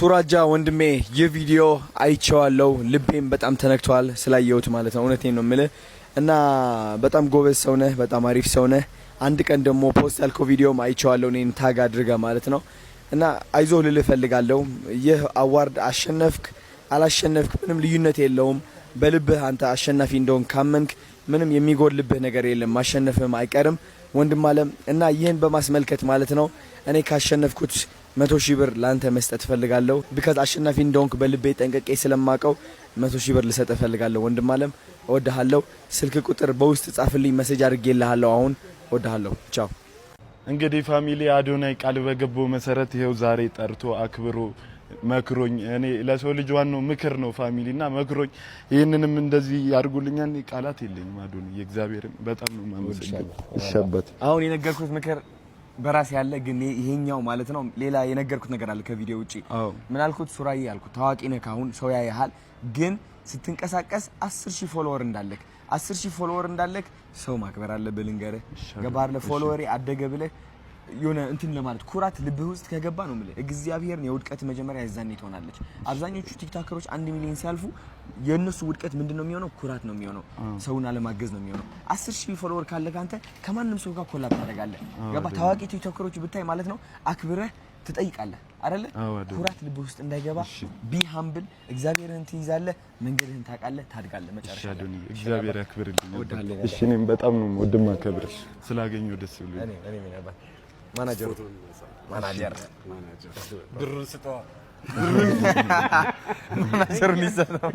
ሱራጃ ወንድሜ ይህ ቪዲዮ አይቸዋለው ልቤም በጣም ተነክቷል ስላየሁት ማለት ነው። እውነቴን ነው ምልህ እና በጣም ጎበዝ ሰው በጣም አሪፍ ሰው አንድ ቀን ደግሞ ፖስት ያልከው ቪዲዮም አይቸዋለው እኔን ታግ አድርገ ማለት ነው እና አይዞህ ልልህ እፈልጋለሁ። ይህ አዋርድ አሸነፍክ አላሸነፍክ ምንም ልዩነት የለውም። በልብህ አንተ አሸናፊ እንደሆን ካመንክ ምንም የሚጎልብህ ነገር የለም፣ ማሸነፍህም አይቀርም ወንድም አለም እና ይህን በማስመልከት ማለት ነው እኔ ካሸነፍኩት መቶ ሺህ ብር ለአንተ መስጠት እፈልጋለሁ። ቢካዝ አሸናፊ እንደሆንክ በልቤ ጠንቀቄ ስለማቀው መቶ ሺህ ብር ልሰጥ እፈልጋለሁ። ወንድም አለም እወድሃለሁ። ስልክ ቁጥር በውስጥ ጻፍልኝ፣ መሰጅ አድርጌልሃለሁ። አሁን እወድሃለሁ። ቻው። እንግዲህ ፋሚሊ አዶናይ ቃል በገባው መሰረት ይኸው ዛሬ ጠርቶ አክብሮ መክሮኝ እኔ ለሰው ልጅ ዋናው ምክር ነው ፋሚሊ እና መክሮኝ ይህንንም እንደዚህ ያድርጉልኛል። ቃላት የለኝም። አዶኒ የእግዚአብሔርን በጣም ነው ማመሰግናለሁ ይሸበት አሁን የነገርኩት ምክር በራሴ ያለ ግን ይሄኛው ማለት ነው። ሌላ የነገርኩት ነገር አለ ከቪዲዮ ውጪ። ምን አልኩት? ሱራዬ አልኩት ታዋቂ ነህ ካሁን ሰው ያይሃል፣ ግን ስትንቀሳቀስ አስር ሺህ ፎሎወር እንዳለክ አስር ሺህ ፎሎወር እንዳለክ ሰው ማክበር አለብህ። ልንገርህ ገባር አይደለ? ፎሎወሬ አደገ ብለህ የሆነ እንትን ለማለት ኩራት ልብህ ውስጥ ከገባ ነው የምልህ። እግዚአብሔርን የውድቀት መጀመሪያ ያዛኔ ትሆናለች። አብዛኞቹ ቲክታከሮች አንድ ሚሊዮን ሲያልፉ የእነሱ ውድቀት ምንድን ነው የሚሆነው? ኩራት ነው የሚሆነው። ሰውን አለማገዝ ነው የሚሆነው። አስር ሺህ ፎሎወር ካለ ከአንተ ከማንም ሰው ጋር ኮላብ ታደርጋለህ። ገባ? ታዋቂ ቲክታከሮች ብታይ ማለት ነው አክብረህ ትጠይቃለህ አይደለ? ኩራት ልብህ ውስጥ እንዳይገባ ቢ ሀምብል። እግዚአብሔርን ትይዛለህ፣ መንገድህን ታውቃለህ፣ ታድጋለህ። መጨረሻ እግዚአብሔር ያክብርልኝ። እሺ፣ እኔም በጣም ነው ወድማ ከብር ስላገኘሁ ደስ ብሎኝ ማናጀር ማናጀር ብሩን ስጠዋ ማናጀሩን ይዘህ ነው